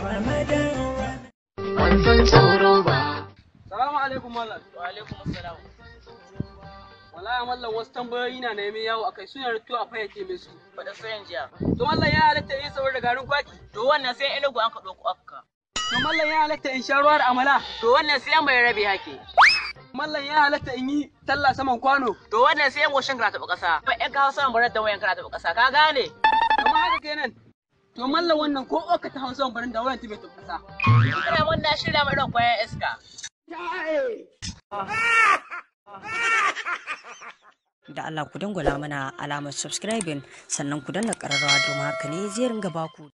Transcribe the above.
Wanzan tsoro ba. Salamu alaikum mallam. Wa alaikum assalam. Wallahi mallan wasu tambayoyi na neman yawo akai suna rutu a fayyace mai su. Faɗa sayan jiya. To mallan ya halatta yin saurin da garin kwaki. To wannan sai enugu an ka ɗauko akka. To mallan ya halatta in sha ruwa da amala. To wannan sai mai rabi hake. mallan ya halatta in yi talla saman kwano. To wannan sai yan goshin kana taɓa ƙasa. Ba ƴan kawo saman barar da wayan kana ƙasa ka gane. Kamar haka kenan. to mallan wannan ko oka ta hausa barin da wani tibe ta kusa ina mun na shirya mai ran iska da Allah ku dangwala mana alamar subscribing sannan ku danna ƙararrawa domin haka ne zai ringa baku